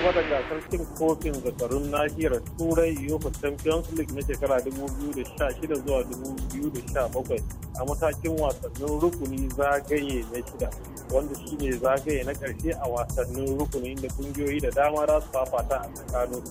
gaba da gasar cin kofin zakarun nahiyar turai UEFA Champions League na shekara 2016 zuwa 2017 a matakin wasannin rukuni zagaye na shida wanda shi ne zagaye na karshe a wasannin rukuni da kungiyoyi da dama za su fafata a tsakanin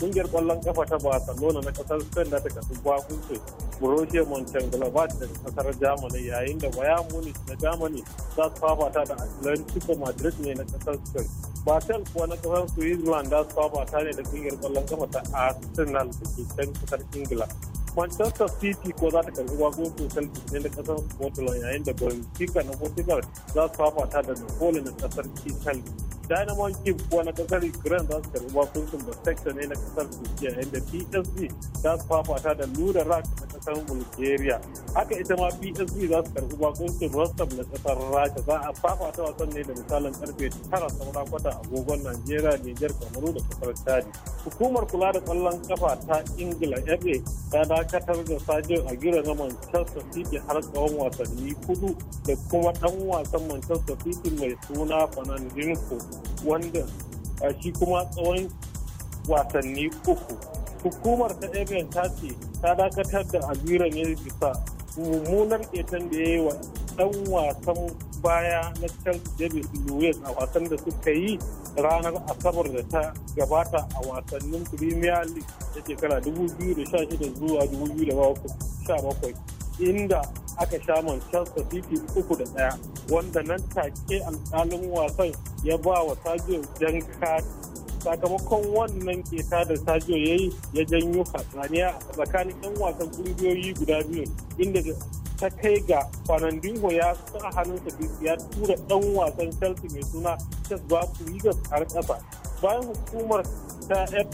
kungiyar kwallon kafa ta Barcelona na kasar Spain da ta kasu bakunce Borussia Mönchengladbach da kasar Germany yayin da Bayern Munich na Germany za su fafata da Atlantico Madrid ne na kasar Spain. Basel kuwa na kasar Switzerland za su fafata ne da kungiyar kwallon kafa ta Arsenal da ke can kasar Ingila. Manchester City ko za ta karbi wagogo Celtic ne na kasar Portugal yayin da Benfica na Portugal za su fafata da Napoli na kasar Italy. Dynamo Kiev kuwa na kasar Ukraine za su karbi wagogo Basecta ne na kasar Turkiya yayin da PSV za su fafata da Lura Rak na kasar bulgaria haka ita ma psv za su karbi bakuncin rostov na kasar rasha za a ta wasan ne da misalin karfe tara saura kwata agogon najeriya niger kamaru da kasar chadi hukumar kula da kwallon kafa ta ingila fa ta dakatar da sajo gira na manchester city har tsawon wasanni kudu da kuma dan wasan manchester city mai suna fernandinho wanda shi kuma tsawon wasanni uku hukumar ta abin ta ce ta dakatar da aziran ya bisa mummunar ketan da ya yi wa dan wasan baya na chelsea david lewis a wasan da suka yi ranar asabar da ta gabata a wasannin premier league da shekara 2016 zuwa 2017 inda aka sha manchester city uku da daya wanda nan take alƙalin wasan ya ba wa sajiyar jan kati sakamakon wannan keta da sajo ya yi ya janyo a tsakanin 'yan wasan kungiyoyi guda biyu inda ta kai ga Fernandinho ya sa hannunsa ya tura 'yan wasan Chelsea mai suna Chess yi Rigas har kasa Bayan hukumar ta FA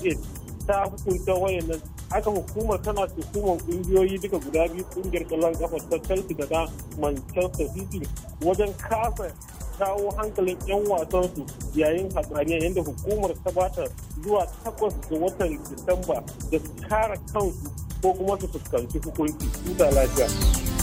ta hukunta wayannan aka hukumar tana hukumar kungiyoyi duka guda biyu kungiyar kallon kafa ta Chelsea da Manchester City wajen kasa kawo hankalin 'yan wasansu yayin hatsaniya yadda hukumar ta bata zuwa takwas ga watan disamba da kara kansu ko kuma su fuskanci hukunci tuta lafiya.